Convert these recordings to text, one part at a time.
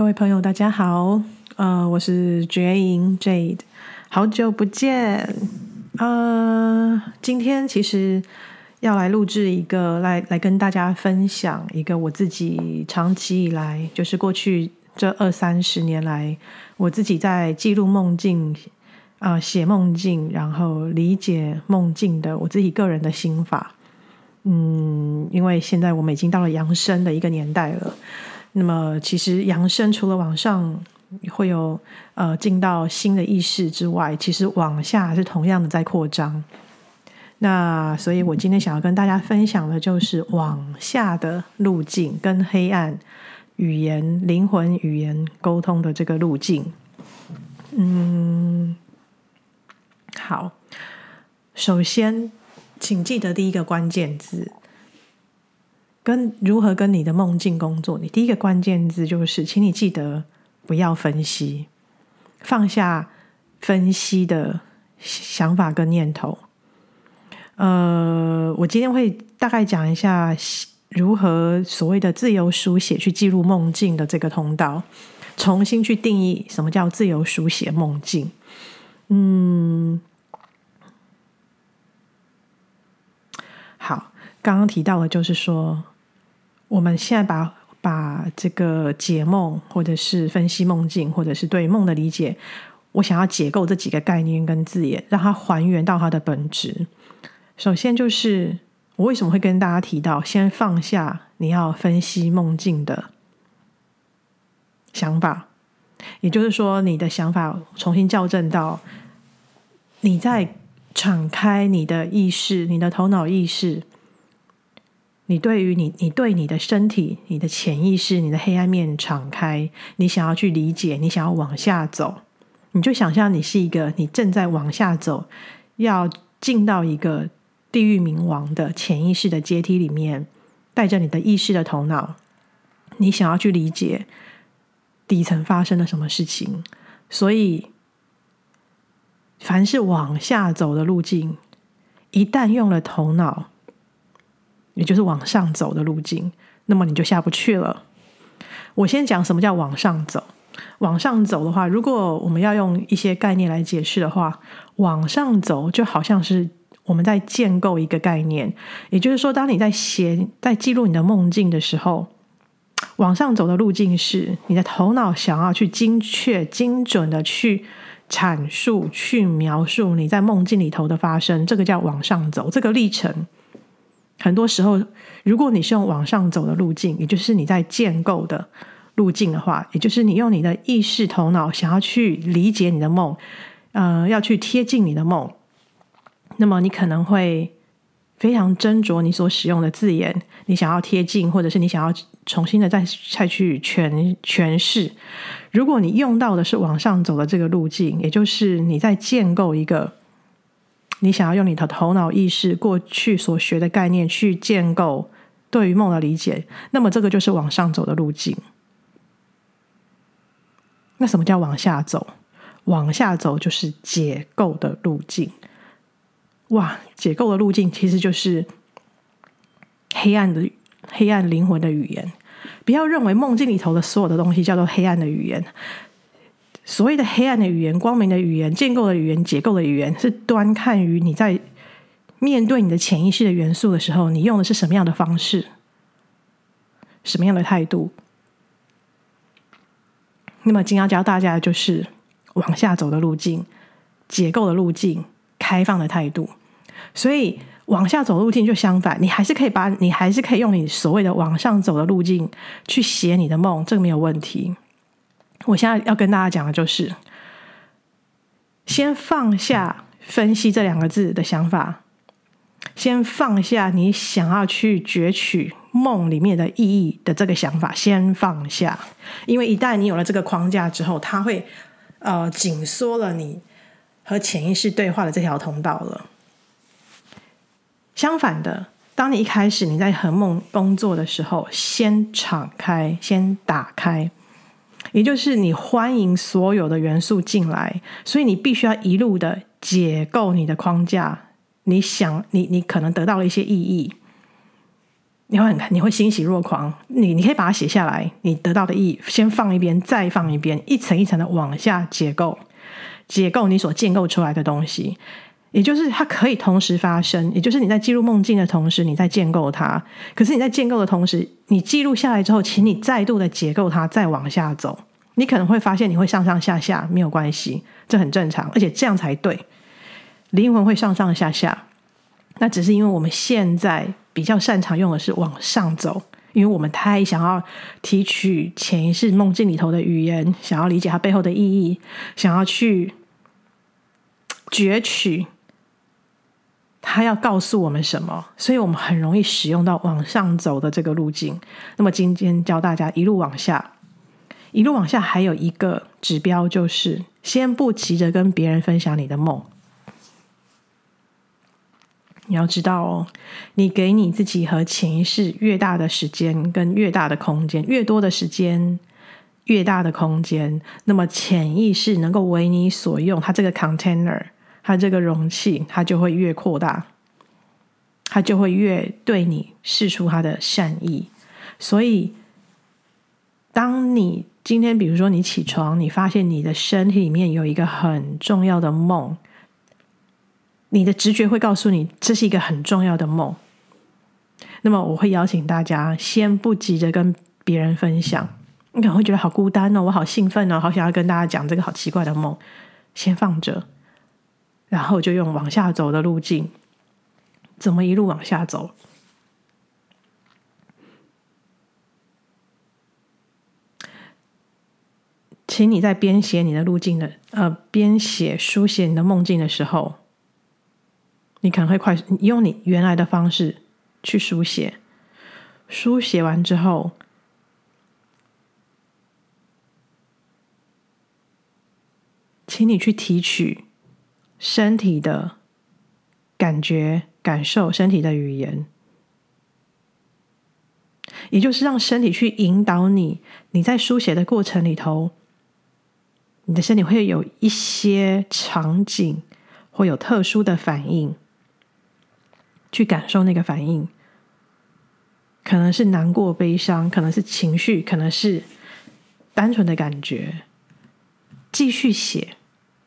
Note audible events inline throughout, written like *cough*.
各位朋友，大家好，呃，我是絕影 Jade，好久不見，呃，今天其實要來錄製一個來，來跟大家分享一個我自己長期以來，就是過去這二三十年來，我自己在記錄夢境，啊、呃，寫夢境，然後理解夢境的我自己個人的心法，嗯，因為現在我們已經到了揚升的一個年代了。那麼，其實揚升除了往上會有呃進到新的意識之外，其實往下是同樣的在擴張。那所以我今天想要跟大家分享的就是往下的路徑，跟黑暗語言、靈魂語言溝通的這個路徑。嗯，好，首先請記得第一個關鍵字。跟如何跟你的夢境工作，你第一個關鍵字就是，請你記得不要分析，放下分析的想法跟念頭。呃，我今天會大概講一下如何所謂的自由書寫去記錄夢境的這個通道，重新去定義什麼叫自由書寫夢境。嗯，好，剛剛提到的就是說。我們現在把把這個解夢，或者是分析夢境，或者是對夢的理解，我想要解構這幾個概念跟字眼，讓它還原到它的本質。首先就是我為什麼會跟大家提到，先放下你要分析夢境的想法，也就是說，你的想法重新校正到你在敞開你的意識，你的頭腦意識。你對於你，你對你的身體、你的潛意識、你的黑暗面敞開，你想要去理解，你想要往下走，你就想象你是一個，你正在往下走，要進到一個地獄冥王的潛意識的階梯裡面，帶着你的意識的頭腦，你想要去理解底層發生了什麼事情。所以，凡是往下走的路徑，一旦用了頭腦。也就是往上走的路徑，那麼你就下不去了。我先講什麼叫往上走。往上走的話，如果我們要用一些概念來解釋的話，往上走就好像是我們在建構一個概念。也就是說，當你在寫、在記錄你的夢境的時候，往上走的路徑是你的頭腦想要去精確、精準的去闡述、去描述你在夢境裡頭的發生。這個叫往上走，這個歷程。很多時候，如果你是用往上走的路徑，也就是你在建構的路徑的話，也就是你用你的意識頭腦想要去理解你的夢，呃，要去貼近你的夢，那麼你可能會非常斟酌你所使用的字眼，你想要貼近，或者是你想要重新的再再去詮詮釋。如果你用到的是往上走的這個路徑，也就是你在建構一個。你想要用你的頭腦意識過去所學的概念去建構對於夢的理解，那麼這個就是往上走的路徑。那什麼叫往下走？往下走就是解構的路徑。哇，解構的路徑其實就是黑暗的、黑暗靈魂的語言。不要認為夢境裡頭的所有的東西叫做黑暗的語言。所謂的黑暗的語言、光明的語言、建構的語言、解構的語言，是端看於你在面對你的潛意識的元素的時候，你用的是什麼樣的方式，什麼樣的態度。那麼，今天要教大家的就是往下走的路徑、解構的路徑、開放的態度。所以，往下走路徑就相反，你還是可以把你還是可以用你所謂的往上走的路徑去寫你的夢，這個沒有問題。我現在要跟大家講的就是，先放下“分析”這兩個字的想法，先放下你想要去攫取夢裡面的意義的這個想法，先放下。因為一旦你有了這個框架之後，它會呃緊縮了你和潛意識對話的這條通道了。相反的，當你一開始你在和夢工作的時候，先敞開，先打開。也就是你歡迎所有的元素進來，所以你必須要一路的解構你的框架。你想，你你可能得到了一些意義，你會你會欣喜若狂。你你可以把它寫下來，你得到的意義先放一邊，再放一邊，一層一層的往下解構，解構你所建構出來的東西。也就是它可以同時發生，也就是你在記錄夢境的同時，你在建構它。可是你在建構的同時，你記錄下來之後，請你再度的解構它，再往下走。你可能會發現你會上上下下，沒有關係，這很正常，而且這樣才對。靈魂會上上下下，那只是因為我們現在比較擅長用的是往上走，因為我們太想要提取潛意識夢境裡頭的語言，想要理解它背後的意義，想要去攫取。他要告訴我們什麼？所以我們很容易使用到往上走的這個路徑。那麼今天教大家一路往下，一路往下，還有一個指標就是：先不急着跟別人分享你的夢。你要知道哦，你給你自己和潛意識越大的時間跟越大的空間，越多的時間，越大的空間，那麼潛意識能夠為你所用。它這個 container。他這個容器，他就會越擴大，它就會越對你釋出它的善意。所以，當你今天，比如說你起床，你發現你的身體裡面有一個很重要的夢，你的直覺會告訴你這是一個很重要的夢。那麼，我會邀請大家先不急着跟別人分享。你可能會覺得好孤單哦，我好興奮哦，好想要跟大家講這個好奇怪的夢，先放着。然後就用往下走的路徑，怎麼一路往下走？請你在編寫你的路徑的呃，編寫書寫你的夢境的時候，你可能會快用你原來的方式去書寫。書寫完之後，請你去提取。身體的感覺、感受身體的語言，也就是讓身體去引導你。你在書寫的過程裡頭，你的身體會有一些場景，會有特殊的反應。去感受那個反應，可能是難過、悲傷，可能是情緒，可能是單純的感覺。繼續寫。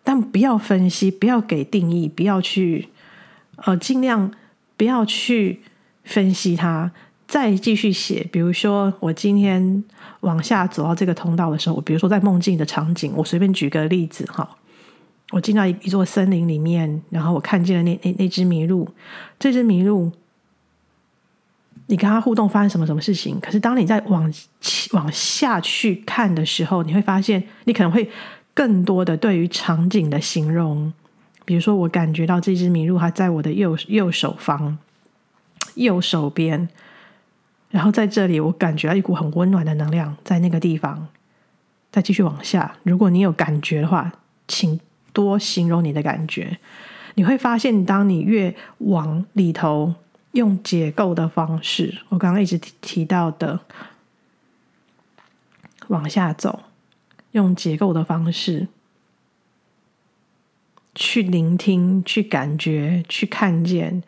但不要分析，不要給定義，不要去，呃，盡量不要去分析它，再繼續寫。比如說，我今天往下走到這個通道的時候，我比如說在夢境的場景，我隨便舉個例子哈，我進到一，一座森林裡面，然後我看見了那那那隻麋鹿，這隻麋鹿，你跟它互動發生什麼什麼事情？可是當你在往往下去看的時候，你會發現，你可能會。更多的對於場景的形容，比如說，我感覺到這隻麋鹿還在我的右右手方、右手邊，然後在這裡，我感覺到一股很溫暖的能量在那個地方。再繼續往下，如果你有感覺的話，請多形容你的感覺。你會發現，當你越往裡頭用解構的方式，我剛剛一直提提到的往下走。用結構的方式去聆聽、去感覺、去看見，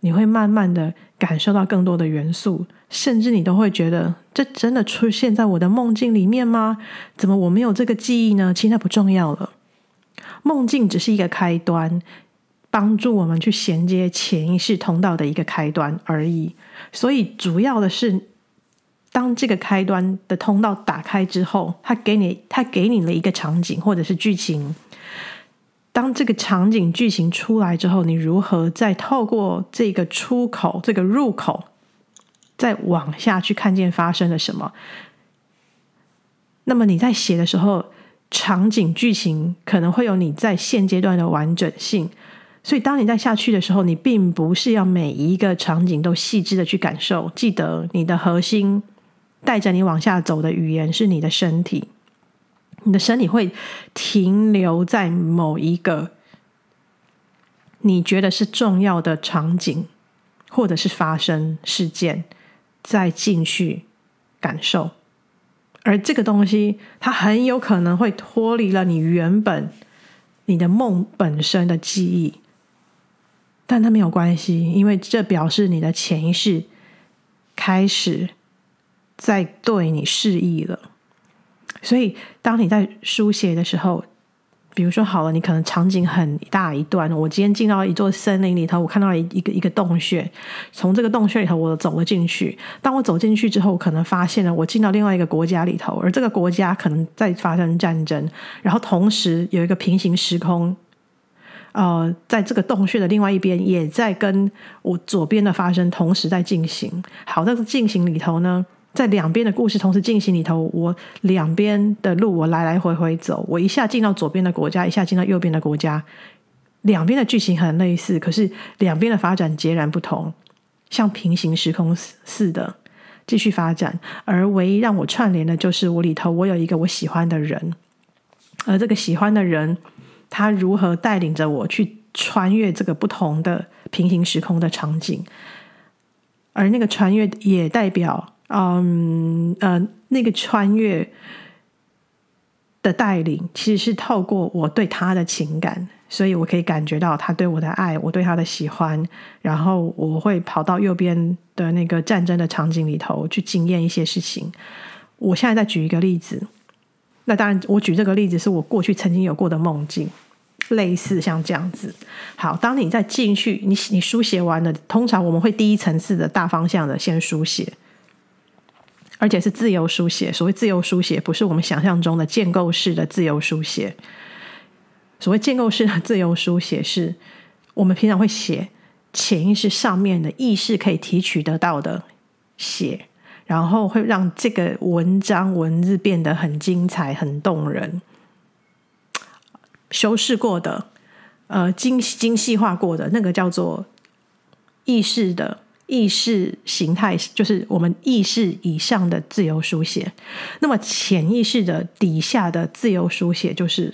你會慢慢的感受到更多的元素，甚至你都會覺得這真的出現在我的夢境裡面嗎？怎麼我沒有這個記憶呢？其實它不重要了，夢境只是一個開端，幫助我們去銜接潛意識通道的一個開端而已。所以主要的是。當這個開端的通道打開之後，它給你，它給你了一個場景或者是劇情，當這個場景劇情出來之後，你如何再透過這個出口、這個入口，再往下去看見發生了什麼？那麼你在寫的時候，場景劇情可能會有你在現階段的完整性。所以當你在下去的時候，你並不是要每一個場景都細緻的去感受，記得你的核心。帶着你往下走的語言是你的身體，你的身體會停留在某一個你覺得是重要的場景，或者是發生事件，再進去感受。而這個東西，它很有可能會脫離了你原本你的夢本身的記憶，但它沒有關係，因為這表示你的潛意識開始。在對你示意了，所以當你在書寫的時候，比如說好了，你可能場景很大一段。我今天進到一座森林裡頭，我看到一個一個洞穴，從這個洞穴裡頭我走了進去。當我走進去之後，可能發現了我進到另外一個國家裡頭，而這個國家可能在發生戰爭。然後同時有一個平行時空，呃，在這個洞穴的另外一邊也在跟我左邊的發生同時在進行。好，但是進行裡頭呢？在兩邊的故事同時進行裡頭，我兩邊的路我來來回回走，我一下進到左邊的國家，一下進到右邊的國家。兩邊的劇情很類似，可是兩邊的發展截然不同，像平行時空似的繼續發展。而唯一讓我串聯的就是我裡頭我有一個我喜歡的人，而這個喜歡的人，他如何帶領着我去穿越這個不同的平行時空的場景，而那個穿越也代表。嗯呃，um, uh, 那個穿越的帶領其實是透過我對他的情感，所以我可以感覺到他對我的愛，我對他的喜歡，然後我會跑到右邊的那個戰爭的場景裡頭去經驗一些事情。我現在再舉一個例子，那當然我舉這個例子是我過去曾經有過的夢境，類似像這樣子。好，當你再進去，你你書寫完了，通常我們會第一層次的大方向的先書寫。而且是自由書寫。所謂自由書寫，不是我們想象中的建構式的自由書寫。所謂建構式的自由書寫是，是我們平常會寫潛意識上面的意識可以提取得到的寫，然後會讓這個文章文字變得很精彩、很動人，修飾過的、呃精精細化過的那個叫做意識的。意識形態就是我們意識以上的自由書寫，那麼潛意識的底下的自由書寫，就是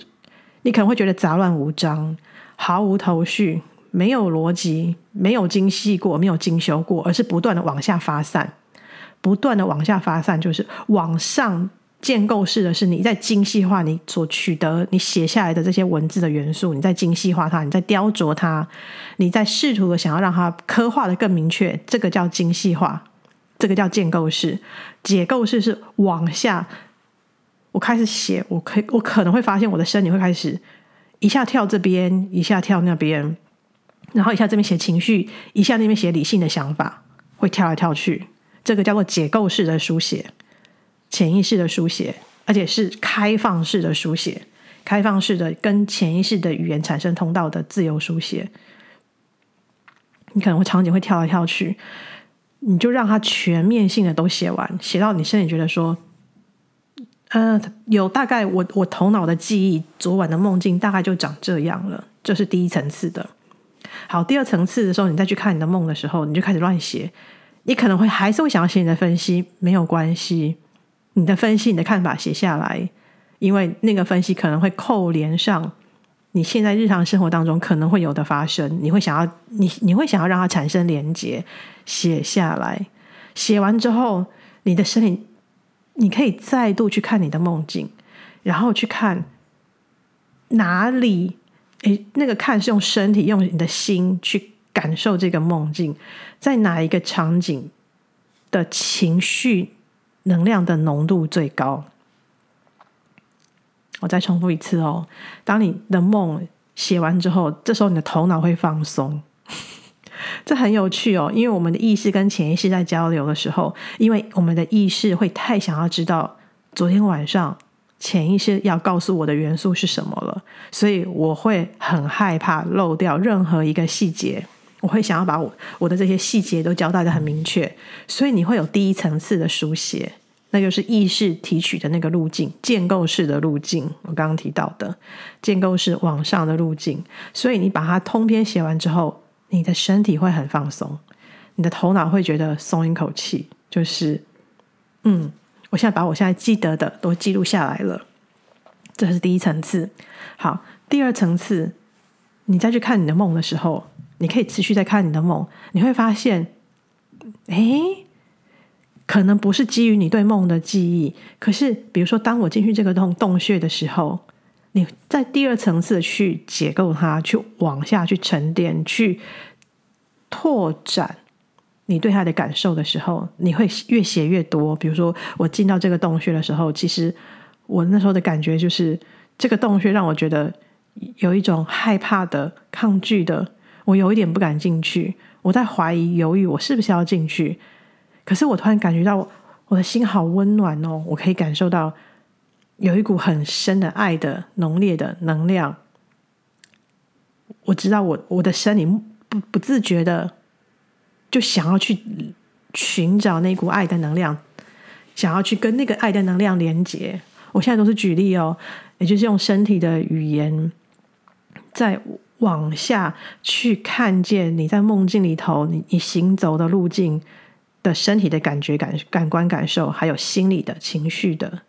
你可能會覺得雜亂無章、毫無頭緒、沒有邏輯、沒有精細過、沒有精修過，而是不斷的往下發散，不斷的往下發散，就是往上。建構式的是你在精細化你所取得、你寫下來的這些文字的元素，你在精細化它，你在雕琢它，你在試圖的想要讓它刻畫得更明確。這個叫精細化，這個叫建構式。解構式是往下，我開始寫，我可以我可能會發現我的身體會開始一下跳這邊，一下跳那邊，然後一下這邊寫情緒，一下那邊寫理性的想法，會跳來跳去。這個叫做解構式的書寫。潛意識的書寫，而且是開放式的書寫，開放式的跟潛意識的語言產生通道的自由書寫。你可能會場景會跳來跳去，你就讓它全面性的都寫完，寫到你心裡覺得說，呃，有大概我我頭腦的記憶，昨晚的夢境大概就長這樣了，這，就是第一層次的。好，第二層次的時候，你再去看你的夢的時候，你就開始亂寫，你可能會還是會想要寫你的分析，沒有關係。你的分析、你的看法寫下來，因為那個分析可能會扣連上你現在日常生活當中可能會有的發生。你會想要你，你會想要讓它產生連結，寫下來。寫完之後，你的身體，你可以再度去看你的夢境，然後去看哪裡。誒，那個看是用身體、用你的心去感受這個夢境，在哪一個場景的情緒。能量的濃度最高。我再重複一次哦，當你的夢寫完之後，這時候你的頭腦會放鬆。 *laughs* 這很有趣哦，因為我們的意識跟潛意識在交流的時候，因為我們的意識會太想要知道昨天晚上潛意識要告訴我的元素是什麼了，所以我會很害怕漏掉任何一個細節。我會想要把我我的這些細節都交代得很明確，所以你會有第一層次的書寫，那就是意識提取的那個路徑，建構式的路徑。我剛剛提到的建構式往上的路徑，所以你把它通篇寫完之後，你的身體會很放鬆，你的頭腦會覺得鬆一口氣，就是嗯，我現在把我現在記得的都記錄下來了，這是第一層次。好，第二層次，你再去看你的夢的時候，你可以持續在看你的夢，你會發現，誒，可能不是基於你對夢的記憶。可是，比如說，當我進去這個洞洞穴的時候，你在第二層次去解構它，去往下去沉澱，去拓展你對它的感受的時候，你會越寫越多。比如說，我進到這個洞穴的時候，其實我那時候的感覺就是，這個洞穴讓我覺得有一種害怕的、抗拒的。我有一點不敢進去，我在懷疑、猶豫，我是不是要進去？可是我突然感覺到，我的心好溫暖哦，我可以感受到有一股很深的愛的濃烈的能量。我知道我，我我的身體不不自覺的就想要去尋找那股愛的能量，想要去跟那個愛的能量連接。我現在都是舉例哦，也就是用身體的語言，在，往下去看見你在夢境裡頭，你你行走的路徑的、身體的感覺、感感官感受，還有心理的情緒的。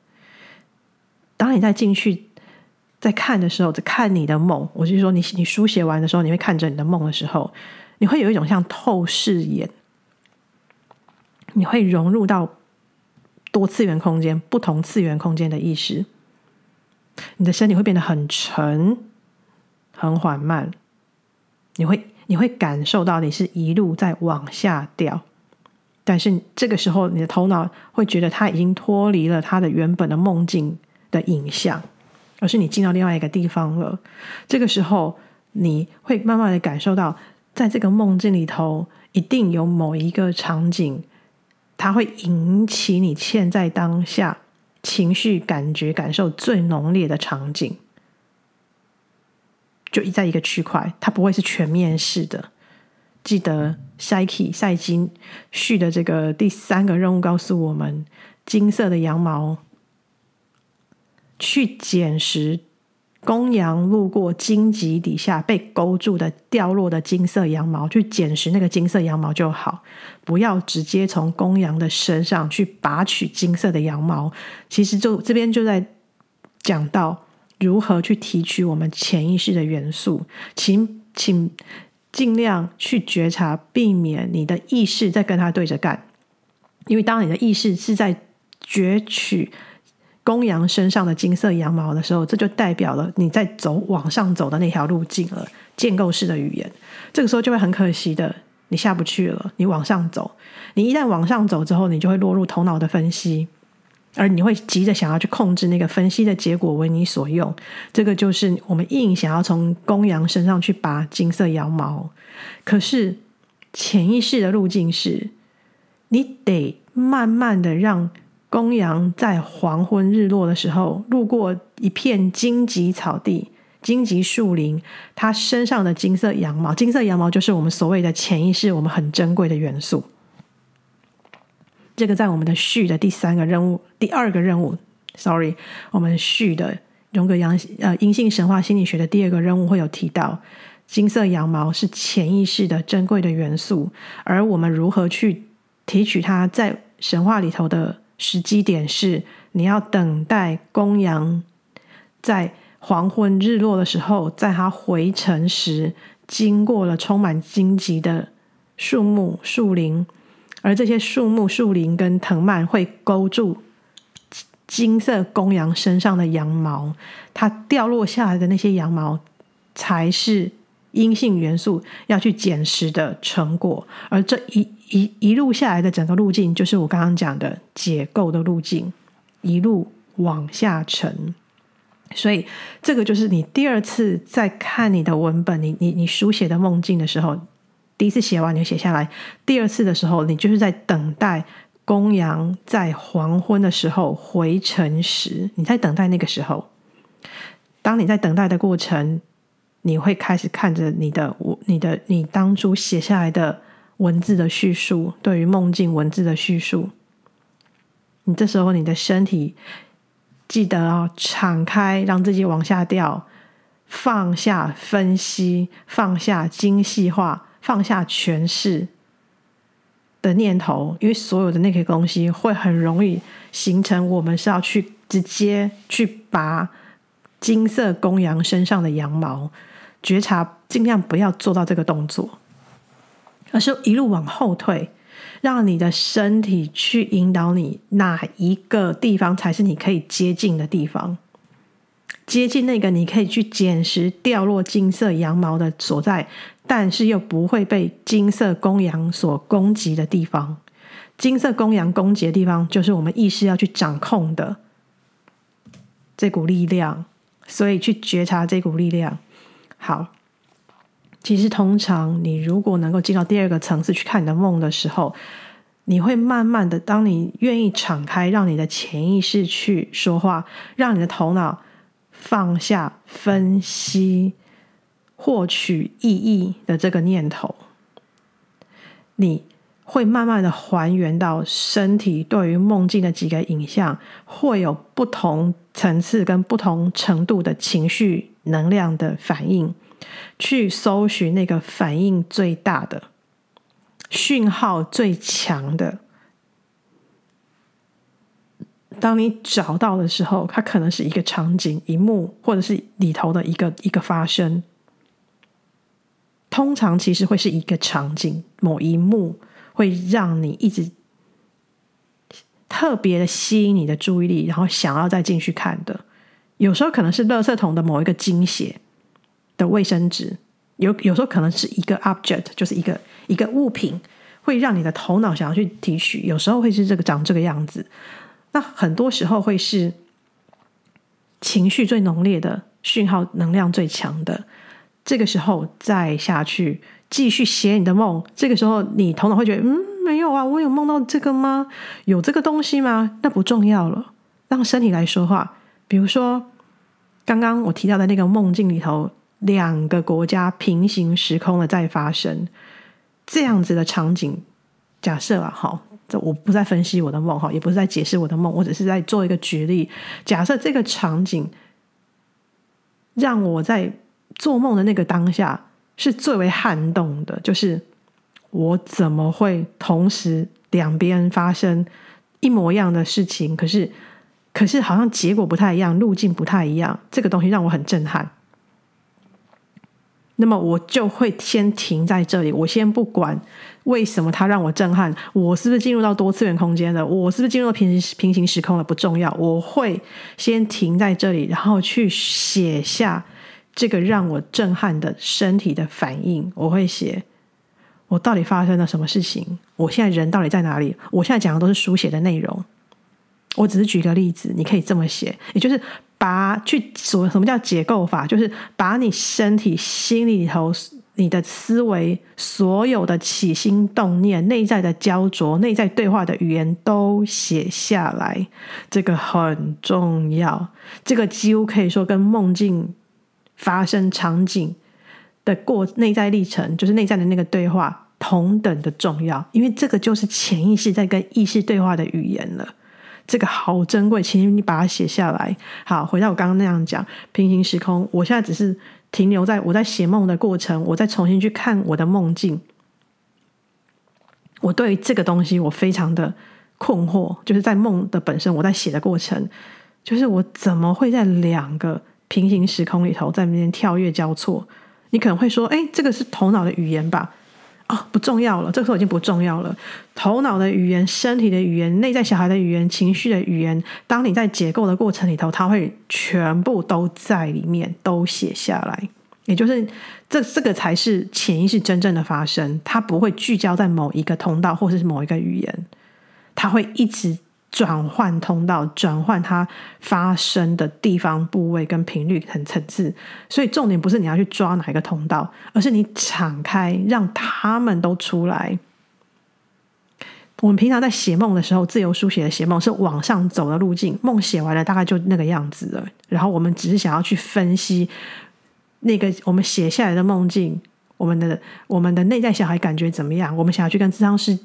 當你在進去、在看的時候，在看你的夢，我是說你，你你書寫完的時候，你會看着你的夢的時候，你會有一種像透視眼，你會融入到多次元空間、不同次元空間的意識，你的身體會變得很沉，很緩慢，你會你會感受到你是一路在往下掉，但是這個時候你的頭腦會覺得它已經脫離了它的原本的夢境的影像，而是你進到另外一個地方了。這個時候你會慢慢的感受到，在這個夢境裡頭，一定有某一個場景，它會引起你欠在當下情緒、感覺、感受最濃烈的場景。就一在一個區塊，它不會是全面式的。記得 Psyche 賽姬的這個第三個任務告訴我們：金色的羊毛，去撿拾公羊路過荊棘底下被勾住的掉落的金色羊毛，去撿拾那個金色羊毛就好，不要直接從公羊的身上去拔取金色的羊毛。其實就這邊就在講到。如何去提取我們潛意識的元素？請請盡量去覺察，避免你的意識在跟他對着幹。因為，當你的意識是在攫取公羊身上的金色羊毛的時候，這就代表了你在走往上走的那條路徑了。建構式的語言，這個時候就會很可惜的，你下不去了。你往上走，你一旦往上走之後，你就會落入頭腦的分析。而你會急着想要去控制那個分析的結果，為你所用，這個就是我們硬想要從公羊身上去拔金色羊毛。可是潛意識的路徑是，你得慢慢的讓公羊在黃昏日落的時候，路過一片荊棘草地、荊棘樹林，它身上的金色羊毛，金色羊毛就是我們所謂的潛意識，我們很珍貴的元素。這個在我們的序的第三個任務，第二個任務，sorry，我們序的榮格陽呃陰性神話心理學的第二個任務會有提到，金色羊毛是潛意識的珍貴的元素，而我們如何去提取它，在神話裡頭的時機點是，你要等待公羊在黃昏日落的時候，在它回程時，經過了充滿荊棘的樹木樹林。而這些樹木、樹林跟藤蔓會勾住金色公羊身上的羊毛，它掉落下來的那些羊毛才是陰性元素要去撿拾的成果。而這一一一路下來的整個路徑，就是我剛剛講的解構的路徑，一路往下沉。所以，這個就是你第二次在看你的文本，你你你書寫的夢境的時候。第一次寫完你就寫下來，第二次的時候，你就是在等待公羊在黃昏的時候回城時，你在等待那個時候。當你在等待的過程，你會開始看着你的我、你的你當初寫下來的文字的敘述，對於夢境文字的敘述。你這時候，你的身體記得哦，敞開，讓自己往下掉，放下分析，放下精細化。放下詮釋的念頭，因為所有的那些東西會很容易形成我們是要去直接去拔金色公羊身上的羊毛。覺察，盡量不要做到這個動作，而是一路往後退，讓你的身體去引導你哪一個地方才是你可以接近的地方，接近那個你可以去撿拾掉落金色羊毛的所在。但是又不會被金色公羊所攻擊的地方，金色公羊攻擊的地方，就是我們意識要去掌控的這股力量，所以去覺察這股力量。好，其實通常你如果能夠進到第二個層次去看你的夢的時候，你會慢慢的，當你願意敞開，讓你的潛意識去說話，讓你的頭腦放下分析。獲取意義的這個念頭，你會慢慢的還原到身體對於夢境的幾個影像，會有不同層次跟不同程度的情緒能量的反應，去搜尋那個反應最大的、訊號最強的。當你找到的時候，它可能是一個場景、一幕，或者是裡頭的一個一個發生。通常其實會是一個場景，某一幕，會讓你一直特別的吸引你的注意力，然後想要再進去看的。有時候可能是垃圾桶的某一個經血的衛生紙，有有時候可能是一個 object，就是一個一個物品，會讓你的頭腦想要去提取。有時候會是這個長這個樣子，那很多時候會是情緒最濃烈的訊號，能量最強的。這個時候再下去繼續寫你的夢，這個時候你頭腦會覺得，嗯，沒有啊，我有夢到這個嗎？有這個東西嗎？那不重要了，讓身體來說話。比如說，剛剛我提到的那個夢境裡頭，兩個國家平行時空的在發生這樣子的場景。假設啊，好，這我不再分析我的夢，哈，也不是在解釋我的夢，我只是在做一個舉例。假設這個場景讓我在。做夢的那個當下是最為撼動的，就是我怎麼會同時兩邊發生一模一樣的事情？可是，可是好像結果不太一樣，路徑不太一樣，這個東西讓我很震撼。那麼我就會先停在這裡，我先不管為什麼它讓我震撼，我是不是進入到多次元空間了？我是不是進入到平行平行時空了？不重要，我會先停在這裡，然後去寫下。這個讓我震撼的身體的反應，我會寫：我到底發生了什麼事情？我現在人到底在哪裡？我現在講的都是書寫的內容。我只是舉個例子，你可以這麼寫，也就是把去說什麼叫解構法，就是把你身體、心裡頭、你的思維、所有的起心動念、內在的焦灼、內在對話的語言都寫下來。這個很重要，這個幾乎可以說跟夢境。發生場景的過內在歷程，就是內在的那個對話同等的重要，因為這個就是潛意識在跟意識對話的語言了。這個好珍貴，請你把它寫下來。好，回到我剛剛那樣講平行時空，我現在只是停留在我在寫夢的過程，我再重新去看我的夢境。我對於這個東西我非常的困惑，就是在夢的本身，我在寫的過程，就是我怎麼會在兩個。平行時空裡頭在那邊跳躍交錯，你可能會說：“誒、欸，這個是頭腦的語言吧？”哦，不重要了，這個時候已經不重要了。頭腦的語言、身體的語言、內在小孩的語言、情緒的語言，當你在解構的過程裡頭，它會全部都在裡面都寫下來。也就是這這個才是潛意識真正的發生，它不會聚焦在某一個通道或者是某一個語言，它會一直轉換通道，轉換它發生的地方、部位跟頻率，很層次。所以重點不是你要去抓哪一個通道，而是你敞開，讓他們都出來。我們平常在寫夢的時候，自由書寫的寫夢是往上走的路徑，夢寫完了大概就那個樣子了。然後我們只是想要去分析那個我們寫下來的夢境，我們的我們的內在小孩感覺怎麼樣？我們想要去跟智商是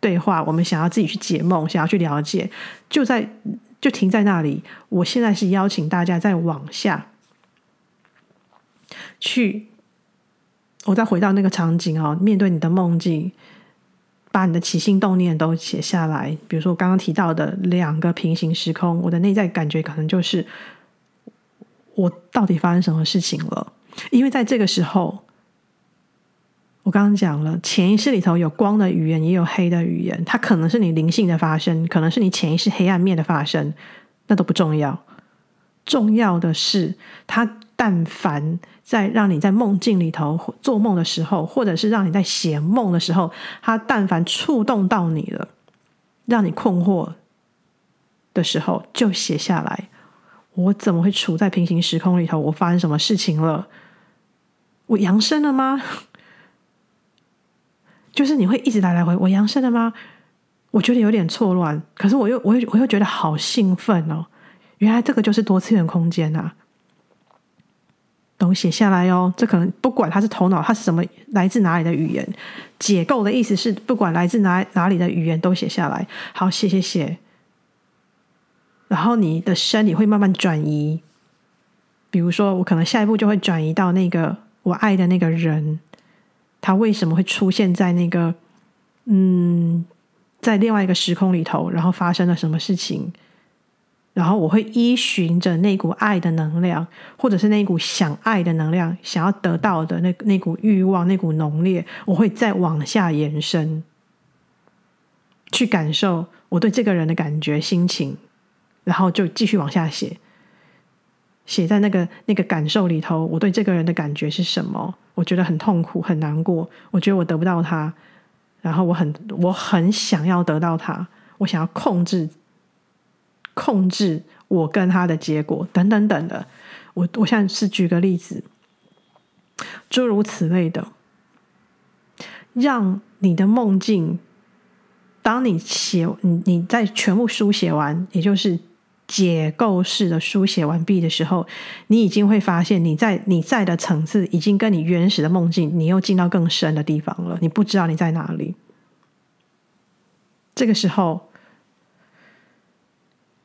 對話，我們想要自己去解夢，想要去了解，就在就停在那裡。我現在是邀請大家再往下去，我再回到那個場景哦，面對你的夢境，把你的起心動念都寫下來。比如說我剛剛提到的兩個平行時空，我的內在感覺可能就是我到底發生什麼事情了？因為在這個時候。我剛剛講了，潛意識裡頭有光的語言，也有黑的語言。它可能是你靈性的發生，可能是你潛意識黑暗面的發生。那都不重要。重要的是，它但凡在讓你在夢境裡頭做夢的時候，或者是讓你在寫夢的時候，它但凡觸動到你了，讓你困惑的時候，就寫下來。我怎麼會處在平行時空裡頭？我發生什麼事情了？我揚升了嗎？就是你會一直來來回，我揚聲了嗎？我覺得有點錯亂，可是我又我又我又覺得好興奮哦！原來這個就是多次元空間啊！都寫下來哦，這可能不管他是頭腦，他是什麼來自哪裡的語言，解構的意思是不管來自哪哪裡的語言都寫下來。好，寫寫寫，然後你的身體會慢慢轉移，比如說我可能下一步就會轉移到那個我愛的那個人。他為什麼會出現在那個，嗯，在另外一個時空裡頭？然後發生了什麼事情？然後我會依循着那股愛的能量，或者是那股想愛的能量，想要得到的那那股慾望，那股濃烈，我會再往下延伸，去感受我對這個人的感覺、心情，然後就繼續往下寫。寫在那個那個感受裡頭，我對這個人的感覺是什麼？我覺得很痛苦，很難過。我覺得我得不到他，然後我很我很想要得到他，我想要控制控制我跟他的結果，等等等的。我我現在是舉個例子，諸如此類的，讓你的夢境。當你寫你你在全部書寫完，也就是。解構式的書寫完畢的時候，你已經會發現你在你在的層次已經跟你原始的夢境，你又進到更深的地方了。你不知道你在哪裡。這個時候，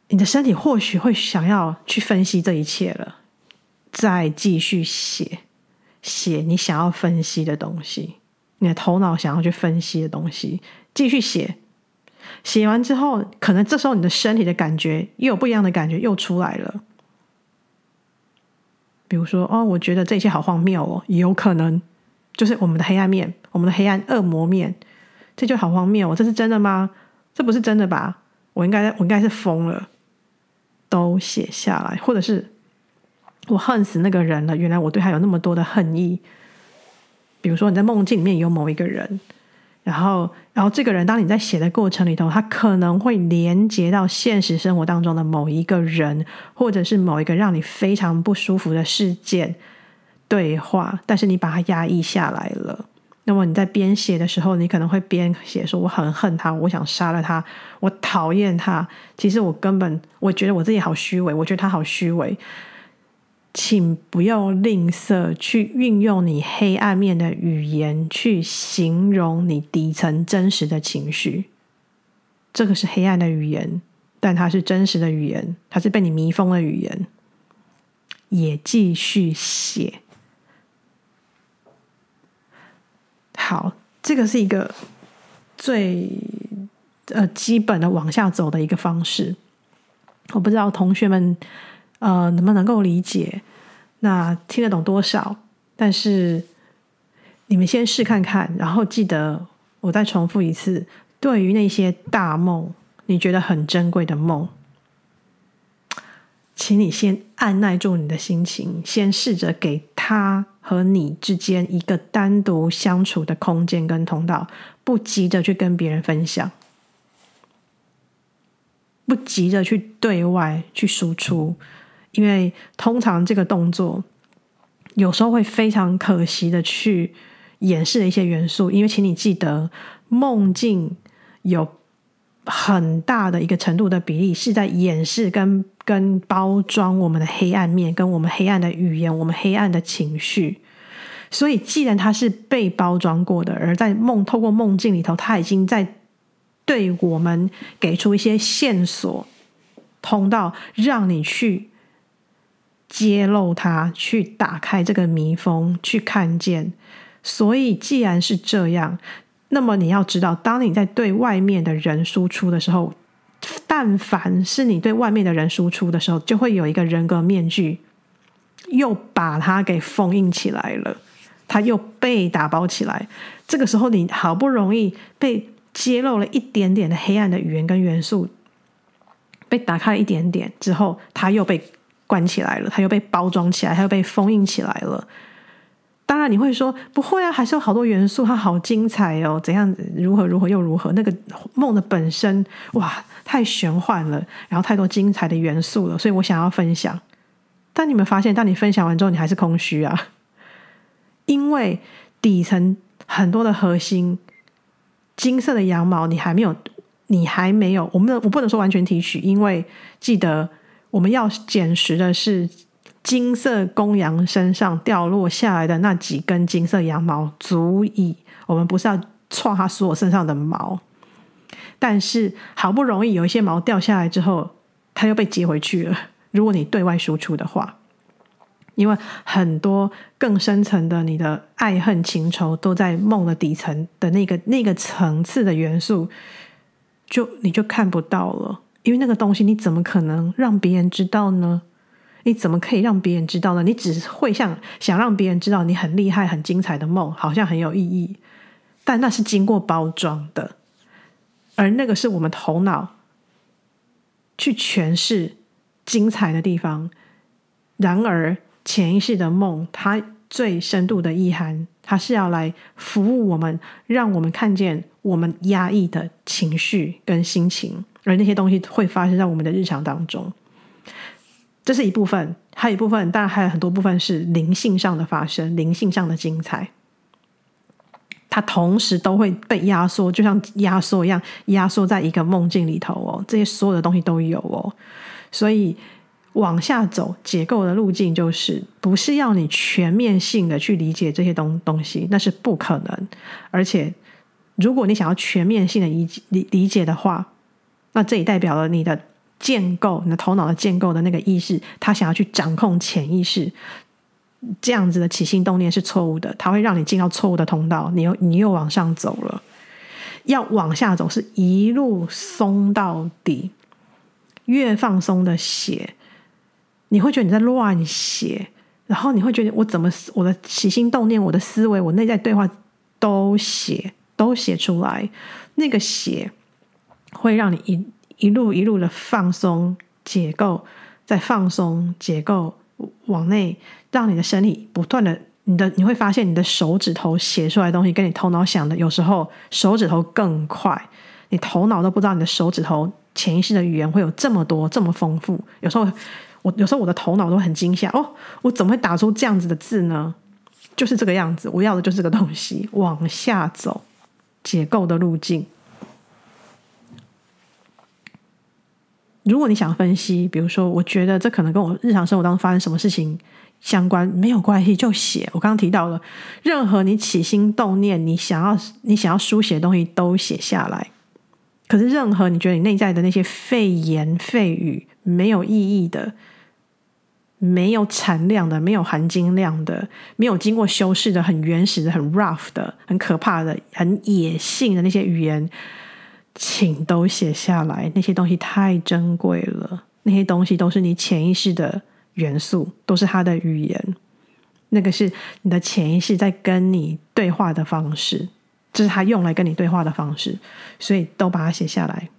你的身體或許會想要去分析這一切了，再繼續寫寫你想要分析的東西，你的頭腦想要去分析的東西，繼續寫。寫完之後，可能這時候你的身體的感覺又有不一樣的感覺又出來了，比如說哦，我覺得這些好荒謬哦，也有可能就是我們的黑暗面，我們的黑暗惡魔面，這就好荒謬哦，這是真的嗎？這不是真的吧？我應該我應該是瘋了，都寫下來，或者是我恨死那個人了，原來我對他有那麼多的恨意，比如說你在夢境裡面有某一個人。然後，然後這個人，當你在寫的過程裡頭，他可能會連接到現實生活當中的某一個人，或者是某一個讓你非常不舒服的事件、對話，但是你把它壓抑下來了。那麼你在編寫的時候，你可能會編寫說：“我很恨他，我想殺了他，我討厭他。”其實我根本，我覺得我自己好虛偽，我覺得他好虛偽。請不要吝嗇去運用你黑暗面的語言，去形容你底層真實的情緒。這個是黑暗的語言，但它是真實的語言，它是被你密封的語言，也繼續寫。好，這個是一個最，呃，基本的往下走的一個方式。我不知道同學們。呃，能不能夠理解？那聽得懂多少？但是你們先試看看，然後記得我再重複一次。對於那些大夢，你覺得很珍貴的夢，請你先按捺住你的心情，先試着給他和你之間一個單獨相處的空間跟通道，不急着去跟別人分享，不急着去對外去輸出。因為通常這個動作有時候會非常可惜的去掩飾一些元素，因為請你記得，夢境有很大的一個程度的比例是在掩飾跟跟包裝我們的黑暗面，跟我們黑暗的語言，我們黑暗的情緒。所以，既然它是被包裝過的，而在夢，透過夢境裡頭，它已經在對我們給出一些線索，通道，讓你去。揭露它，去打開這個迷封，去看見。所以，既然是這樣，那麼你要知道，當你在對外面的人輸出的時候，但凡是你對外面的人輸出的時候，就會有一個人格面具，又把它給封印起來了，它又被打包起來。這個時候，你好不容易被揭露了一點點的黑暗的語言跟元素，被打開了一點點之後，它又被。關起來了，它又被包裝起來，它又被封印起來了。當然，你會說不會啊，還是有好多元素，它好精彩哦，怎樣如何如何又如何？那個夢的本身，哇，太玄幻了，然後太多精彩的元素了，所以我想要分享。但你們發現，當你分享完之後，你還是空虛啊，因為底層很多的核心，金色的羊毛，你還沒有，你還沒有，我們的我不能說完全提取，因為記得。我們要撿拾的是金色公羊身上掉落下來的那幾根金色羊毛，足以。我們不是要創它所有身上的毛，但是好不容易有一些毛掉下來之後，它又被接回去了。如果你對外輸出的話，因為很多更深層的你的愛恨情仇都在夢的底層的那個那個層次的元素，就你就看不到了。因為那個東西你怎麼可能讓別人知道呢？你怎麼可以讓別人知道呢？你只會像想讓別人知道你很厲害、很精彩的夢，好像很有意義，但那是經過包裝的，而那個是我們頭腦去詮釋精彩的地方。然而，潛意識的夢，它最深度的意涵，它是要來服務我們，讓我們看見我們壓抑的情緒跟心情。而那些東西會發生在我們的日常當中，這是一部分，還有一部分，當然還有很多部分是靈性上的發生，靈性上的精彩，它同時都會被壓縮，就像壓縮一樣，壓縮在一個夢境裡頭哦。這些所有的東西都有哦，所以往下走解構的路徑就是，不是要你全面性的去理解這些東東西，那是不可能。而且，如果你想要全面性的理理解的話，那這也代表了你的建構，你的頭腦的建構的那個意識，他想要去掌控潛意識，這樣子的起心動念是錯誤的，它會讓你進到錯誤的通道，你又你又往上走了。要往下走是一路鬆到底，越放鬆的寫，你會覺得你在亂寫，然後你會覺得我怎麼我的起心動念，我的思維，我內在對話都寫都寫出來，那個寫。會讓你一一路一路的放鬆解構，再放鬆解構，往內讓你的身體不斷的，你的你會發現你的手指頭寫出來的東西，跟你頭腦想的有時候手指頭更快，你頭腦都不知道你的手指頭潛意識的語言會有這麼多這麼豐富，有時候我有時候我的頭腦都很驚嚇，哦，我怎麼會打出這樣子的字呢？就是這個樣子，我要的就是這個東西，往下走解構的路徑。如果你想分析，比如說，我覺得這可能跟我日常生活當中發生什麼事情相關，沒有關係就寫。我剛剛提到了，任何你起心動念、你想要、你想要書寫的東西都寫下來。可是，任何你覺得你內在的那些廢言廢語、沒有意義的、沒有產量的、沒有含金量的、沒有經過修飾的、很原始的、很 rough 的、很可怕的、很野性的那些語言。請都寫下來，那些東西太珍貴了。那些東西都是你潛意識的元素，都是他的語言。那個是你的潛意識在跟你對話的方式，這，就是他用來跟你對話的方式，所以都把它寫下來。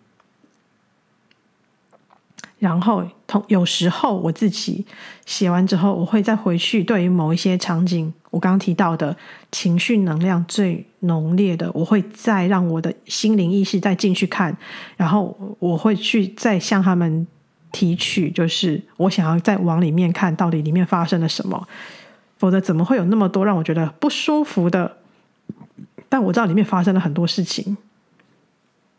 然後同有時候我自己寫完之後，我會再回去對於某一些場景，我剛剛提到的情緒能量最濃烈的，我會再讓我的心靈意識再進去看，然後我會去再向他們提取，就是我想要再往裡面看到底裡面發生了什麼，否則怎麼會有那麼多讓我覺得不舒服的？但我知道裡面發生了很多事情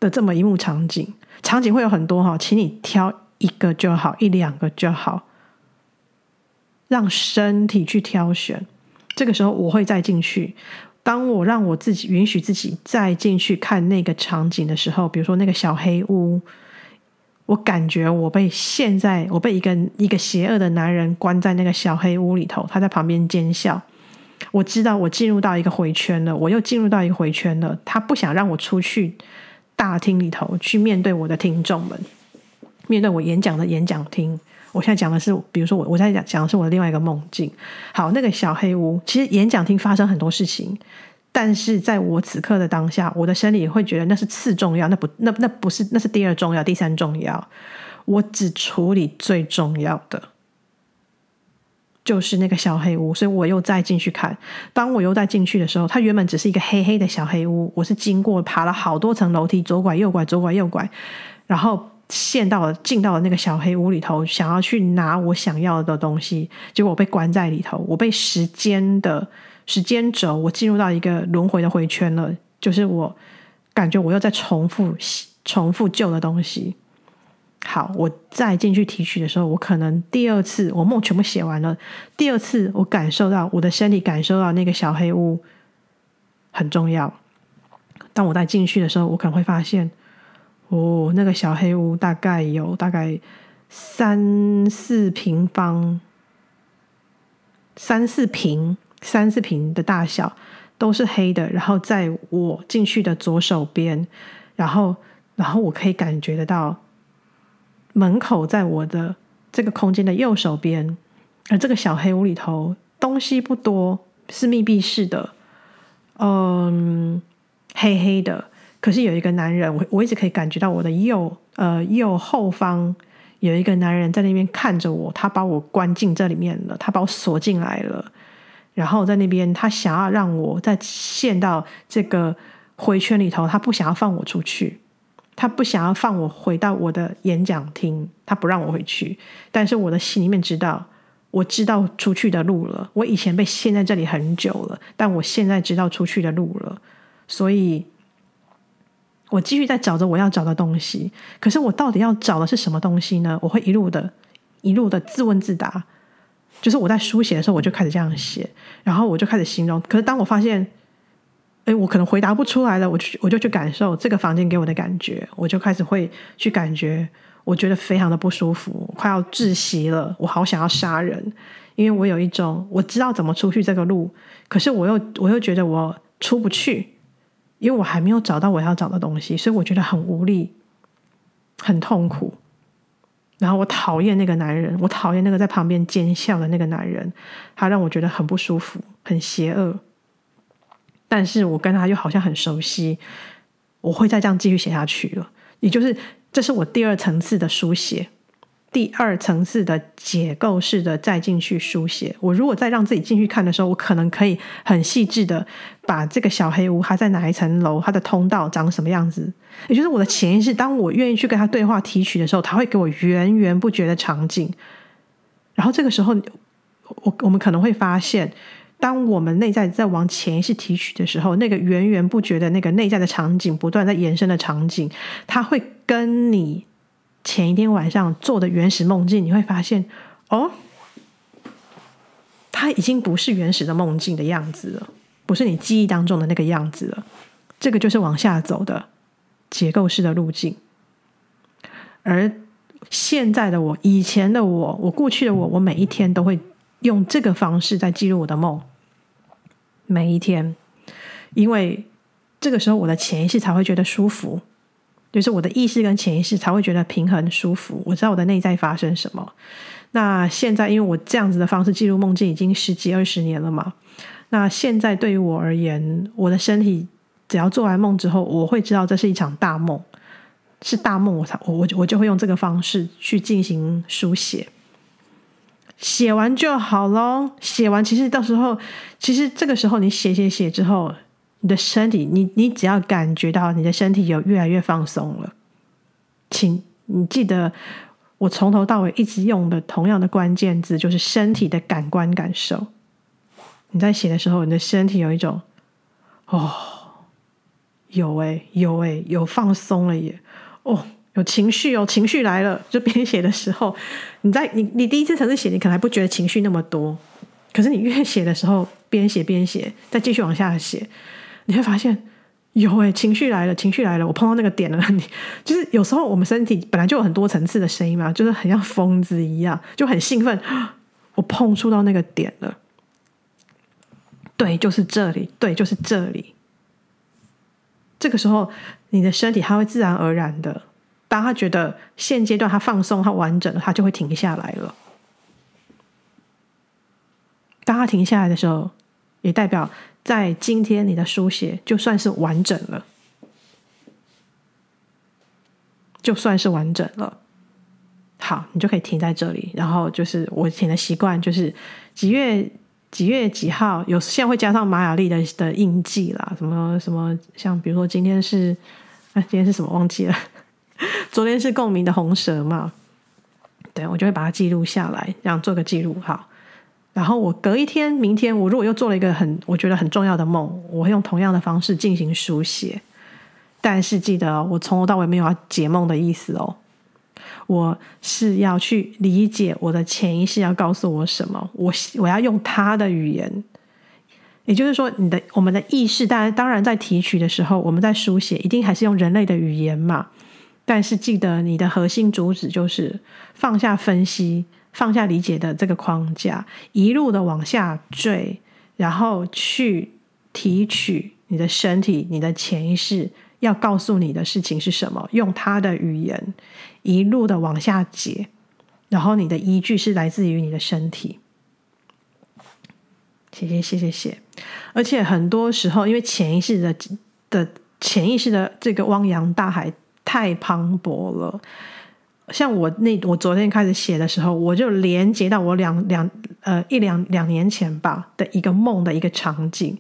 的這麼一幕場景，場景會有很多哈，請你挑。一個就好，一兩個就好，讓身體去挑選。這個時候我會再進去。當我讓我自己允許自己再進去看那個場景的時候，比如說那個小黑屋，我感覺我被現在我被一個一個邪惡的男人關在那個小黑屋裡頭，他在旁邊奸笑。我知道我進入到一個回圈了，我又進入到一個回圈了。他不想讓我出去大廳裡頭去面對我的聽眾們。面對我演講的演講廳，我現在講的是，比如說我我在講講的是我的另外一個夢境。好，那個小黑屋，其實演講廳發生很多事情，但是在我此刻的當下，我的身體會覺得那是次重要，那不那那不是那是第二重要，第三重要。我只處理最重要的，就是那個小黑屋。所以我又再進去看。當我又再進去的時候，它原本只是一個黑黑的小黑屋。我是經過爬了好多層樓梯，左拐右拐，左拐右拐，然後。陷到了，進到了那個小黑屋裡頭，想要去拿我想要的東西，結果我被關在裡頭。我被時間的時間軸，我進入到一個輪回的回圈了。就是我感覺我又在重複重複舊的東西。好，我再進去提取的時候，我可能第二次我夢全部寫完了。第二次我感受到我的身體感受到那個小黑屋很重要。當我再進去的時候，我可能會發現。哦，那個小黑屋大概有大概三四平方，三四平，三四平的大小，都是黑的。然後在我進去的左手邊，然後，然後我可以感覺得到門口在我的這個空間的右手邊。而這個小黑屋裡頭東西不多，是密閉式的，嗯，黑黑的。可是有一個男人，我我一直可以感覺到我的右呃右後方有一個男人在那邊看着我，他把我關進這裡面了，他把我鎖進來了，然後在那邊他想要讓我再陷到這個回圈裡頭，他不想要放我出去，他不想要放我回到我的演講廳，他不讓我回去。但是我的心裡面知道，我知道出去的路了。我以前被陷在這裡很久了，但我現在知道出去的路了，所以。我繼續在找着我要找的東西，可是我到底要找的是什麼東西呢？我會一路的，一路的自問自答。就是我在書寫的時候，我就開始這樣寫，然後我就開始形容。可是當我發現，哎，我可能回答不出來了，我就我就去感受這個房間給我的感覺，我就開始會去感覺，我覺得非常的不舒服，快要窒息了。我好想要殺人，因為我有一種我知道怎麼出去這個路，可是我又我又覺得我出不去。因為我還沒有找到我要找的東西，所以我覺得很無力、很痛苦。然後我討厭那個男人，我討厭那個在旁邊奸笑的那個男人，他讓我覺得很不舒服、很邪惡。但是我跟他就好像很熟悉，我會再這樣繼續寫下去了。也就是，這是我第二層次的書寫。第二層次的解構式的再進去書寫，我如果再讓自己進去看的時候，我可能可以很細緻的把這個小黑屋它在哪一層樓，它的通道長什麼樣子。也就是我的潛意識，當我願意去跟他對話提取的時候，他會給我源源不絕的場景。然後這個時候，我我們可能會發現，當我們內在在往潛意識提取的時候，那個源源不絕的那個內在的場景，不斷在延伸的場景，他會跟你。前一天晚上做的原始夢境，你會發現，哦，它已經不是原始的夢境的樣子了，不是你記憶當中的那個樣子了。這個就是往下走的結構式的路徑。而現在的我，以前的我，我過去的我，我每一天都會用這個方式在記錄我的夢。每一天，因為這個時候我的潛意識才會覺得舒服。就是我的意識跟潛意識才會覺得平衡舒服。我知道我的內在發生什麼。那現在，因為我這樣子的方式記錄夢境已經十幾二十年了嘛。那現在對於我而言，我的身體只要做完夢之後，我會知道這是一場大夢，是大夢，我才我我我就會用這個方式去進行書寫。寫完就好咯，寫完，其實到時候，其實這個時候你寫寫寫之後。你的身體，你你只要感覺到你的身體有越來越放鬆了，請你記得，我從頭到尾一直用的同樣的關鍵字就是身體的感官感受。你在寫的時候，你的身體有一種哦，有哎、欸、有哎、欸、有放鬆了耶！哦，有情緒哦，情緒來了。就邊寫的時候，你在你你第一次嘗試寫，你可能還不覺得情緒那麼多，可是你越寫的時候，邊寫邊寫，再繼續往下寫。你會發現，有誒，情緒來了，情緒來了，我碰到那個點了。你就是有時候我們身體本來就有很多層次的聲音嘛，就是很像瘋子一樣，就很興奮。我碰觸到那個點了，對，就是這裡，對，就是這裡。這個時候，你的身體它會自然而然的，當它覺得現階段它放鬆、它完整了，它就會停下來了。當它停下來的時候，也代表。在今天，你的書寫就算是完整了，就算是完整了。好，你就可以停在這裡。然後就是我以前的習慣，就是幾月幾月幾號有，現在會加上瑪雅曆的的印記啦，什麼什麼，像比如說今天是，啊今天是什麼忘記了？昨天是共鳴的紅蛇嘛？對，我就會把它記錄下來，這樣做個記錄好。然後我隔一天，明天我如果又做了一個很我覺得很重要的夢，我會用同樣的方式進行書寫。但是記得哦，我從頭到尾沒有要解夢的意思哦。我是要去理解我的潛意識要告訴我什麼，我我要用他的語言，也就是說，你的我們的意識，當然當然在提取的時候，我們在書寫一定還是用人類的語言嘛。但是記得，你的核心主旨就是放下分析。放下理解的這個框架，一路的往下墜，然後去提取你的身體、你的潛意識要告訴你的事情是什麼，用他的語言一路的往下解，然後你的依據是來自於你的身體。謝謝謝謝，謝謝，而且很多時候，因為潛意識的，的潛意識的這個汪洋大海太磅礴了。像我那我昨天開始寫的時候，我就連接到我兩兩呃一兩兩年前吧的一個夢的一個場景。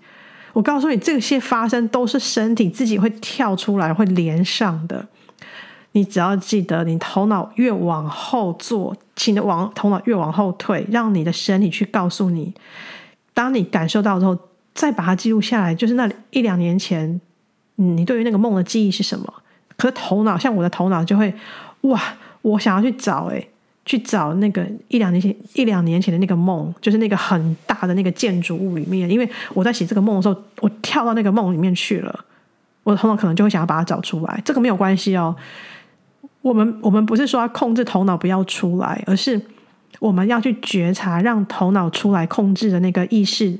我告訴你，這些發生都是身體自己會跳出來會連上的。你只要記得，你頭腦越往後坐，請得往頭腦越往後退，讓你的身體去告訴你。當你感受到之後，再把它記錄下來，就是那一兩年前，嗯，你對於那個夢的記憶是什麼？可是頭腦，像我的頭腦就會哇。我想要去找哎、欸，去找那個一兩年前一兩年前的那個夢，就是那個很大的那個建築物裡面。因為我在寫這個夢的時候，我跳到那個夢裡面去了，我的頭腦可能就會想要把它找出來。這個沒有關係哦，我們我們不是說要控制頭腦不要出來，而是我們要去覺察，讓頭腦出來控制的那個意識，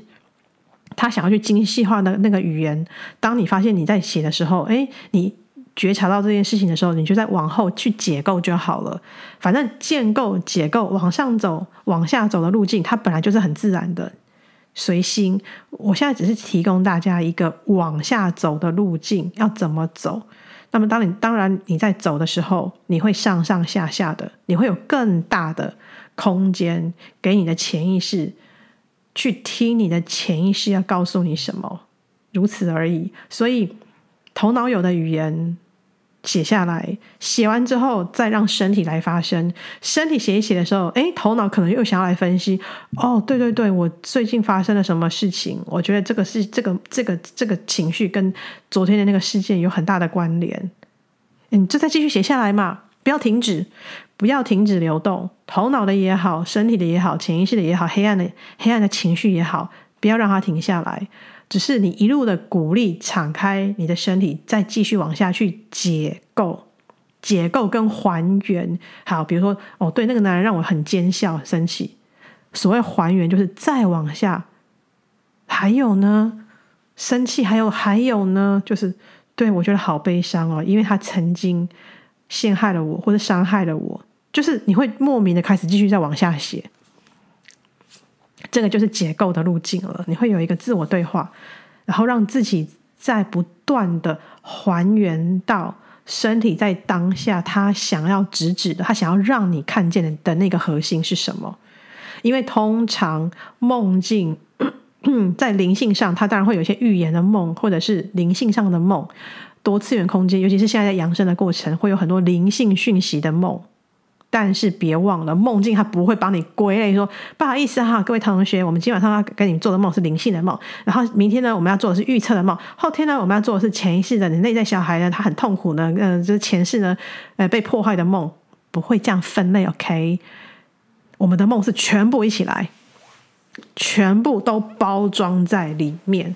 他想要去精細化的那個語言。當你發現你在寫的時候，哎，你。覺察到這件事情的時候，你就再往後去解構就好了。反正建構、解構、往上走、往下走的路徑，它本來就是很自然的。隨心，我現在只是提供大家一個往下走的路徑，要怎麼走。那麼當你當然你在走的時候，你會上上下下的，你會有更大的空間給你的潛意識去聽你的潛意識要告訴你什麼，如此而已。所以頭腦有的語言。寫下來，寫完之後再讓身體來發生。身體寫一寫的時候，誒，頭腦可能又想要來分析。哦，對對對，我最近發生了什麼事情？我覺得這個是這個這個這個情緒跟昨天的那個事件有很大的關聯。嗯，就再繼續寫下來嘛，不要停止，不要停止流動。頭腦的也好，身體的也好，潛意識的也好，黑暗的、黑暗的情緒也好，不要讓它停下來。只是你一路的鼓勵，敞開你的身體，再繼續往下去解構、解構跟還原。好，比如說，哦，對，那個男人讓我很奸笑、生氣。所謂還原，就是再往下。還有呢，生氣，還有還有呢，就是對，我覺得好悲傷哦，因為他曾經陷害了我，或者傷害了我。就是你會莫名的開始繼續再往下寫。這個就是解構的路徑了，你會有一個自我對話，然後讓自己在不斷的還原到身體在當下，他想要直指,指的，他想要讓你看見的那個核心是什麼？因為通常夢境 *coughs* 在靈性上，它當然會有一些預言的夢，或者是靈性上的夢，多次元空間，尤其是現在在揚升的過程，會有很多靈性訊息的夢。但是別忘了，夢境它不會幫你歸類。說不好意思哈、啊，各位同學，我們今晚上要給你們做的夢是靈性的夢，然後明天呢，我們要做的是預測的夢，後天呢，我們要做的是前一世的。你內在小孩呢，他很痛苦呢，嗯、呃，就是前世呢，呃、被破壞的夢不會這樣分類。OK，我們的夢是全部一起來，全部都包裝在裡面。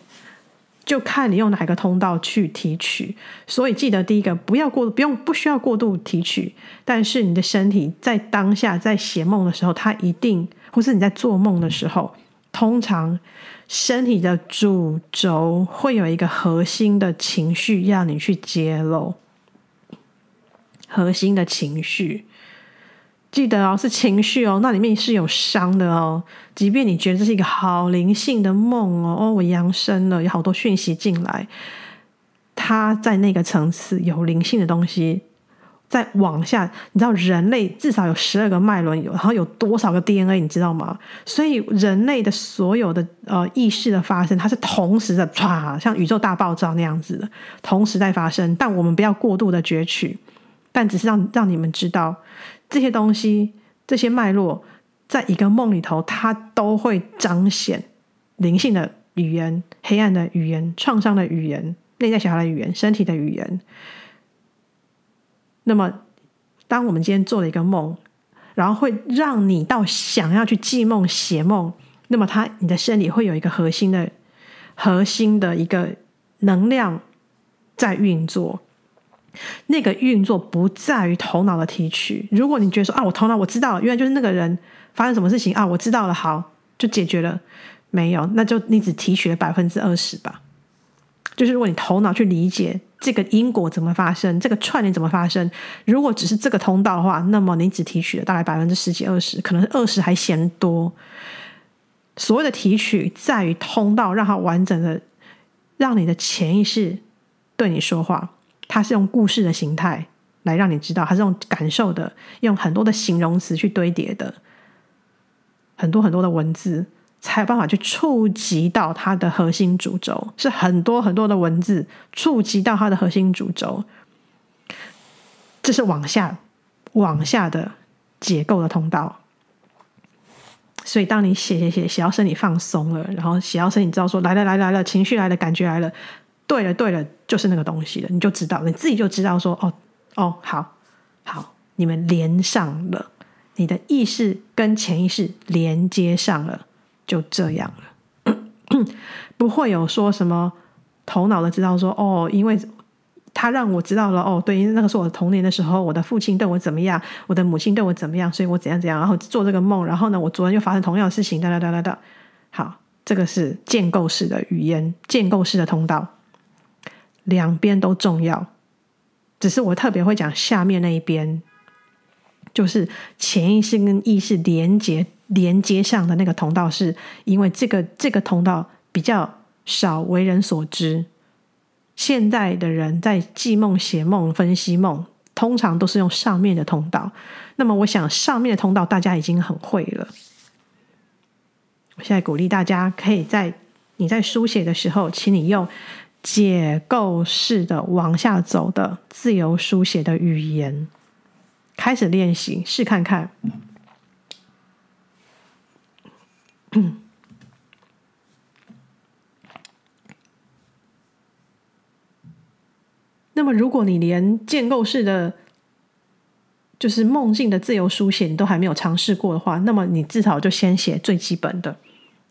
就看你用哪個通道去提取，所以記得第一個不要過不用不需要過度提取。但是你的身體在當下在寫夢的時候，它一定，或是你在做夢的時候，通常身體的主軸會有一個核心的情緒讓你去揭露，核心的情緒。記得哦，是情緒哦，那裡面是有傷的哦。即便你覺得這是一個好靈性的夢哦，哦，我揚升了，有好多訊息進來。它在那個層次有靈性的東西，在往下，你知道人類至少有十二個脈輪，有，然後有多少個 DNA，你知道嗎？所以人類的所有的呃意識的發生，它是同時的啪，像宇宙大爆炸那樣子的，同時在發生。但我們不要過度的攫取，但只是讓讓你們知道。這些東西、這些脈絡，在一個夢裡頭，它都會彰顯靈性的語言、黑暗的語言、創傷的語言、內在小孩的語言、身體的語言。那麼，當我們今天做了一個夢，然後會讓你到想要去記夢、寫夢，那麼它，你的身體會有一個核心的、核心的一個能量在運作。那個運作不在於頭腦的提取。如果你覺得說啊，我頭腦我知道了，原來就是那個人發生什麼事情啊，我知道了，好，就解決了，沒有，那就你只提取了百分之二十吧。就是如果你頭腦去理解這個因果怎麼發生，這個串聯怎麼發生，如果只是這個通道的話，那麼你只提取了大概百分之十幾二十，可能是二十還嫌多。所謂的提取，在於通道讓它完整的，讓你的潛意識對你說話。它是用故事的形態來讓你知道，它是用感受的，用很多的形容詞去堆疊的，很多很多的文字才有辦法去觸及到它的核心主軸，是很多很多的文字觸及到它的核心主軸。這是往下往下的解構的通道。所以，當你寫寫寫寫到身體放鬆了，然後寫到身體知道說來了來了來了，情緒來了，感覺來了。對了，對了，就是那個東西了，你就知道，你自己就知道說，哦，哦，好好，你們連上了，你的意識跟潛意識連接上了，就這樣了， *coughs* 不會有說什麼頭腦的知道說，哦，因為他讓我知道了，哦，對，那個是我童年的時候，我的父親對我怎麼樣，我的母親對我怎麼樣，所以我怎樣怎樣，然後做這個夢，然後呢，我昨天又發生同樣的事情，噠噠噠噠噠，好，這個是建構式的語言，建構式的通道。兩邊都重要，只是我特別會講下面那一邊，就是潛意識跟意識連接連接上的那個通道是，是因為這個這個通道比較少為人所知。現在的人在記夢、寫夢、分析夢，通常都是用上面的通道。那麼，我想上面的通道大家已經很會了。我現在鼓勵大家，可以在你在書寫的時候，請你用。解構式的往下走的自由書寫的語言，開始練習試看看。嗯。嗯。那麼，如果你連建構式的，就是夢境的自由書寫你都還沒有嘗試過的話，那麼你至少就先寫最基本的，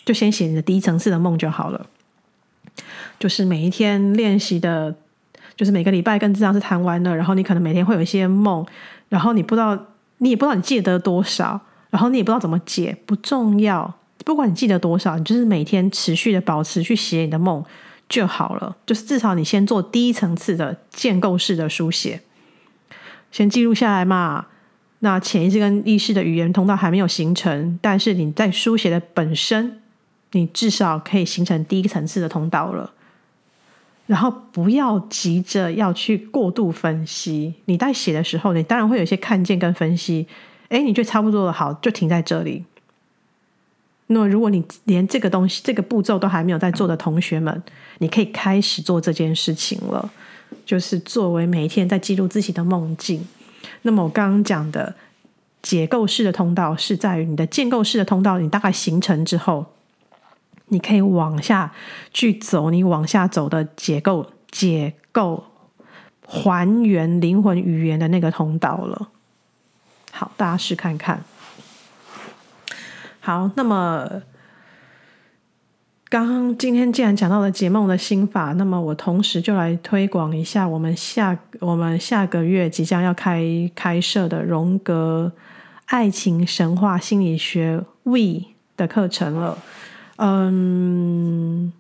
就先寫你的第一層次的夢就好了。就是每一天練習的，就是每個禮拜跟這張是談完了，然後你可能每天會有一些夢，然後你不知道，你也不知道你記得多少，然後你也不知道怎麼解，不重要，不管你記得多少，你就是每天持續的保持去寫你的夢就好了，就是至少你先做第一層次的建構式的書寫，先記錄下來嘛。那潛意識跟意識的語言通道還沒有形成，但是你在書寫的本身。你至少可以形成第一層次的通道了，然後不要急着要去過度分析。你在寫的時候，你當然會有一些看見跟分析，哎，你覺得差不多的好，就停在這裡。那麼，如果你連這個東西、這個步驟都還沒有在做的同學們，你可以開始做這件事情了，就是作為每一天在記錄自己的夢境。那麼我剛剛講的解構式的通道，是在於你的建構式的通道，你大概形成之後，你可以往下去走，你往下走的解構、解構、還原靈魂語言的那個通道了。好，大家試看看。好，那麼，剛剛今天既然講到了解夢的心法，那麼我同時就來推廣一下我們下我們下個月即將要開開設的榮格愛情神話心理學 WE 的課程了。嗯，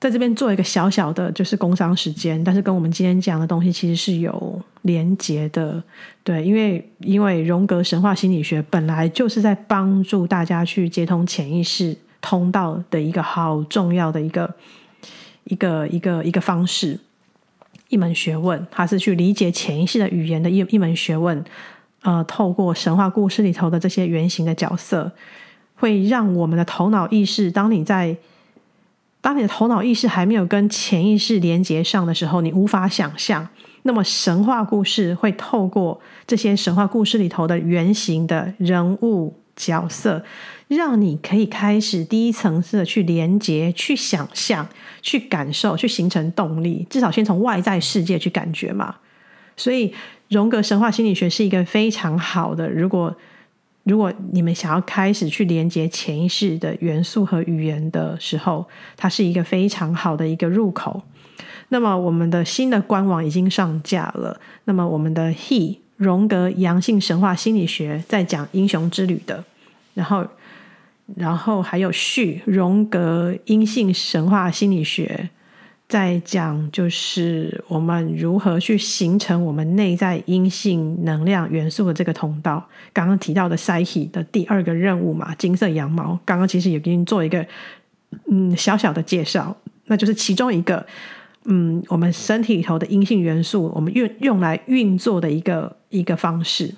在這邊做一個小小的就是工商時間，但是跟我們今天講的東西其實是有連結的，對，因為因為榮格神話心理學本來就是在幫助大家去接通潛意識通道的一個好重要的一個一個一個一個方式，一門學問，它是去理解潛意識的語言的一一門學問，呃，透過神話故事裡頭的這些原型的角色。會讓我們的頭腦意識，當你在，當你的頭腦意識還沒有跟潛意識連接上的時候，你無法想象。那麼神話故事會透過這些神話故事裡頭的原型的人物角色，讓你可以開始第一層次的去連接、去想象、去感受、去形成動力。至少先從外在世界去感覺嘛。所以，榮格神話心理學是一個非常好的，如果。如果你們想要開始去連接潛意識的元素和語言的時候，它是一個非常好的一個入口。那麼，我們的新的官網已經上架了。那麼，我們的 He 榮格陽性神話心理學在講英雄之旅的，然後，然後還有 She 榮格陰性神話心理學。在講就是我們如何去形成我們內在陰性能量元素的這個通道，剛剛提到的賽姬的第二個任務嘛，金色羊毛，剛剛其實也給你做一個嗯小小的介紹，那就是其中一個嗯我們身體裡頭的陰性元素，我們用用來運作的一個一個方式。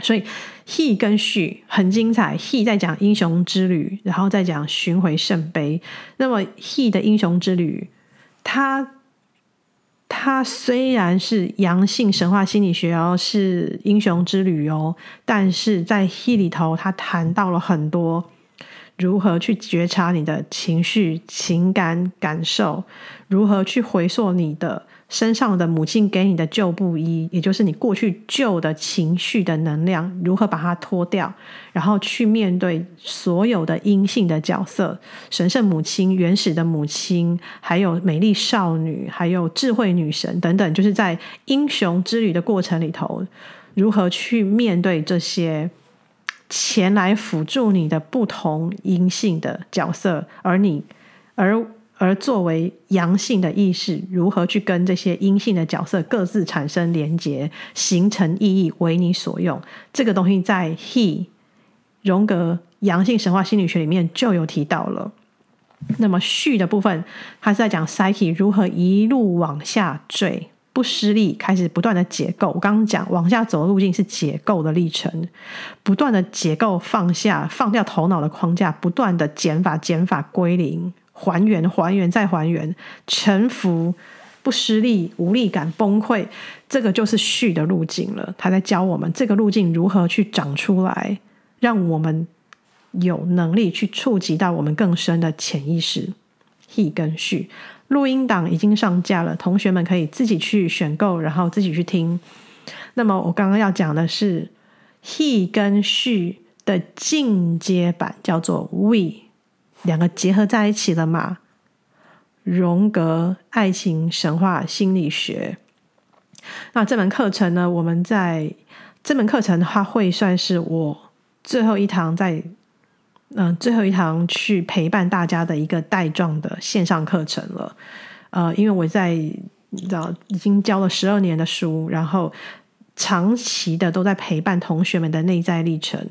所以 He 跟 She 很精彩，He 在講英雄之旅，然後再講尋回聖杯。那麼 He 的英雄之旅。他他雖然是陽性神話心理學，哦，是英雄之旅哦，但是在戲裡頭，他談到了很多如何去覺察你的情緒、情感、感受，如何去回溯你的。身上的母親給你的舊布衣，也就是你過去舊的情緒的能量，如何把它脫掉，然後去面對所有的陰性的角色，神聖母親、原始的母親，還有美麗少女，還有智慧女神等等，就是在英雄之旅的過程裡頭，如何去面對這些前來輔助你的不同陰性的角色，而你，而。而作為陽性的意識，如何去跟這些陰性的角色各自產生連結，形成意義為你所用？這個東西在 He 榮格陽性神話心理學裡面就有提到了。嗯、那麼續的部分，還是在講 Psyche 如何一路往下墜，不失力，開始不斷的解構。我剛剛講往下走的路徑是解構的歷程，不斷的解構，放下，放掉頭腦的框架，不斷的減法，減法，歸零。還原、還原、再還原、臣服、不失力、無力感崩潰，這個就是 She 的路徑了。他在教我們這個路徑如何去長出來，讓我們有能力去觸及到我們更深的潛意識。He 跟 She 錄音檔已經上架了，同學們可以自己去選購，然後自己去聽。那麼我剛剛要講的是 He 跟 She 的進階版，叫做 We。兩個結合在一起了嘛？榮格愛情神話心理學。那這門課程呢？我們在這門課程，它會算是我最後一堂在，在、呃、嗯最後一堂去陪伴大家的一個帶狀的線上課程了。呃，因為我在你知道已經教了十二年的書，然後長期的都在陪伴同學們的內在歷程。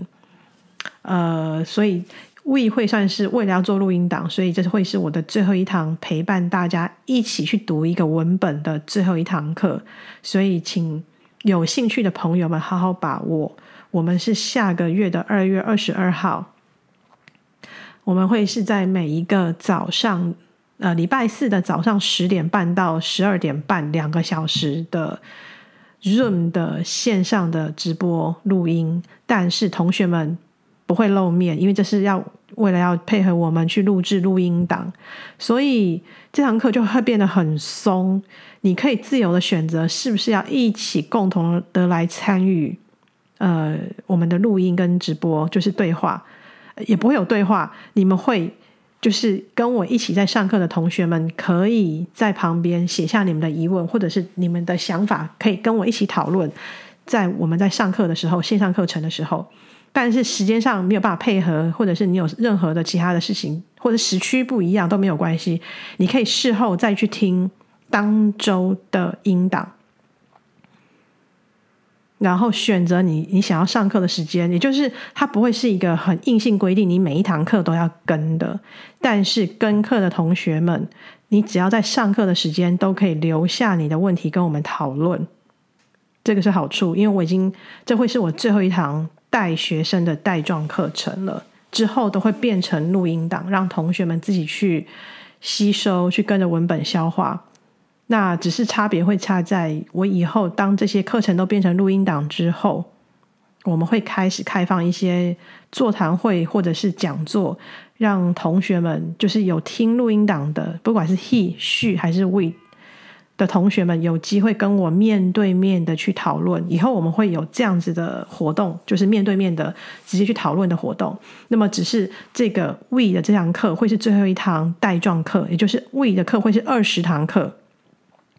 呃，所以。we 會算是為了要做錄音檔，所以這是會是我的最後一堂陪伴大家一起去讀一個文本的最後一堂課，所以請有興趣的朋友們好好把握。我們是下個月的二月二十二號，我們會是在每一個早上，呃，禮拜四的早上十點半到十二點半，兩個小時的 Zoom 的線上的直播錄音，但是同學們不會露面，因為這是要。為了要配合我們去錄製錄音檔，所以這堂課就會變得很鬆。你可以自由的選擇是不是要一起共同的來參與，呃，我們的錄音跟直播就是對話，也不會有對話。你們會就是跟我一起在上課的同學們，可以在旁邊寫下你們的疑問或者是你們的想法，可以跟我一起討論。在我們在上課的時候，線上課程的時候。但是時間上沒有辦法配合，或者是你有任何的其他的事情，或者時區不一樣都沒有關係，你可以事後再去聽當週的音檔，然後選擇你你想要上課的時間，也就是它不會是一個很硬性規定，你每一堂課都要跟的。但是跟課的同學們，你只要在上課的時間都可以留下你的問題跟我們討論，這個是好處。因為我已經，這會是我最後一堂。帶學生的帶狀課程了，之後都會變成錄音檔，讓同學們自己去吸收、去跟着文本消化。那只是差別會差在，我以後當這些課程都變成錄音檔之後，我們會開始開放一些座談會或者是講座，讓同學們就是有聽錄音檔的，不管是 He、She 還是 We。的同學們有機會跟我面對面的去討論，以後我們會有這樣子的活動，就是面對面的直接去討論的活動。那麼，只是這個 We 的這堂課會是最後一堂帶狀課，也就是 We 的課會是二十堂課，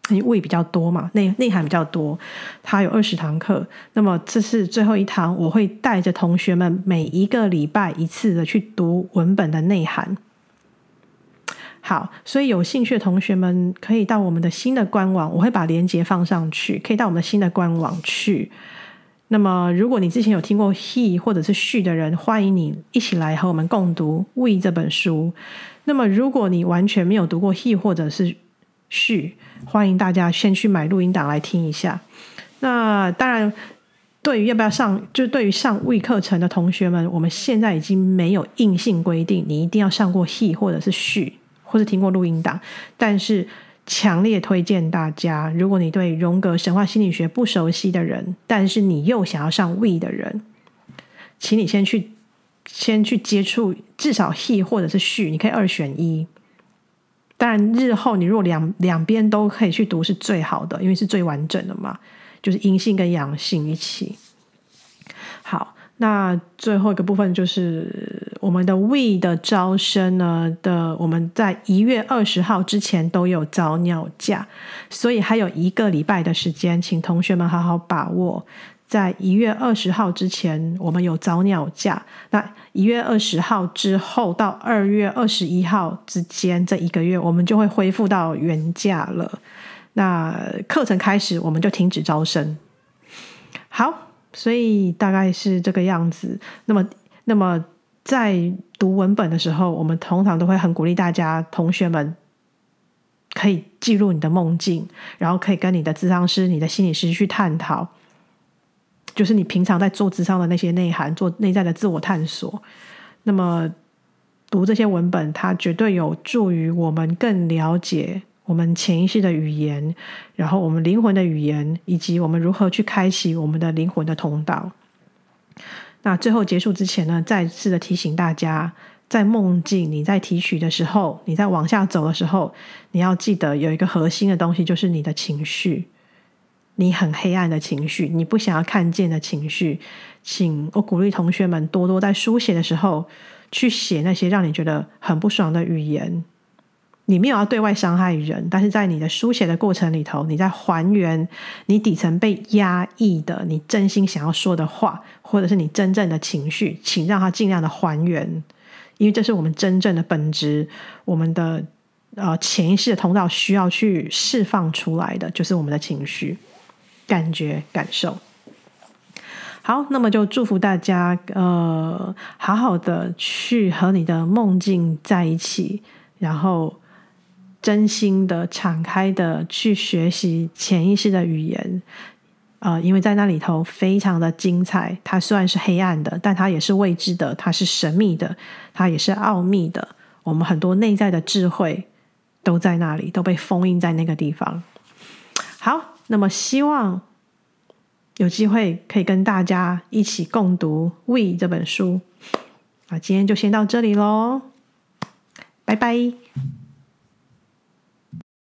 因為 We 比較多嘛，內內涵比較多，它有二十堂課。那麼這是最後一堂，我會帶着同學們每一個禮拜一次的去讀文本的內涵。好，所以有興趣的同學們可以到我們的新的官網，我會把鏈接放上去，可以到我們的新的官網去。那麼，如果你之前有聽過 He 或者是 She 的人，歡迎你一起來和我們共讀 We 這本書。那麼，如果你完全沒有讀過 He 或者是 She，歡迎大家先去買錄音檔來聽一下。那當然，對於要不要上，就對於上 We 課程的同學們，我們現在已經沒有硬性規定你一定要上過 He 或者是 She。或是聽過錄音檔，但是強烈推薦大家，如果你對榮格神話心理學不熟悉的人，但是你又想要上 We 的人，請你先去先去接觸至少 He 或者是 She，你可以二選一、e。當然日後你如果兩兩邊都可以去讀是最好的，因為是最完整的嘛，就是陰性跟陽性一起。那最後一個部分就是我們的 we 的招生呢的，我們在一月二十號之前都有早鳥價，所以還有一個禮拜的時間，請同學們好好把握，在一月二十號之前，我們有早鳥價。那一月二十號之後到二月二十一號之間這一個月，我們就會恢復到原價了。那課程開始，我們就停止招生。好。所以大概是這個樣子。那麼，那麼在讀文本的時候，我們通常都會很鼓勵大家，同學們可以記錄你的夢境，然後可以跟你的諮商師、你的心理師去探討，就是你平常在做諮商的那些內涵，做內在的自我探索。那麼讀這些文本，它絕對有助於我們更了解。我們潛意識的語言，然後我們靈魂的語言，以及我們如何去開啟我們的靈魂的通道。那最後結束之前呢，再次的提醒大家，在夢境你在提取的時候，你在往下走的時候，你要記得有一個核心的東西，就是你的情緒，你很黑暗的情緒，你不想要看見的情緒，請我鼓勵同學們多多在書寫的時候去寫那些讓你覺得很不爽的語言。你沒有要對外傷害人，但是在你的書寫的過程裡頭，你在還原你底層被壓抑的、你真心想要說的話，或者是你真正的情緒，請讓它儘量的還原，因為這是我們真正的本質，我們的呃潛意識的通道需要去釋放出來的，就是我們的情緒、感覺、感受。好，那麼就祝福大家，呃，好好的去和你的夢境在一起，然後。真心的、敞開的去學習潛意識的語言，呃，因為在那裡頭非常的精彩。它雖然是黑暗的，但它也是未知的，它是神秘的，它也是奧秘的。我們很多內在的智慧都在那裡，都被封印在那個地方。好，那麼希望有機會可以跟大家一起共讀《We》這本書。那今天就先到這裡嘍，拜拜。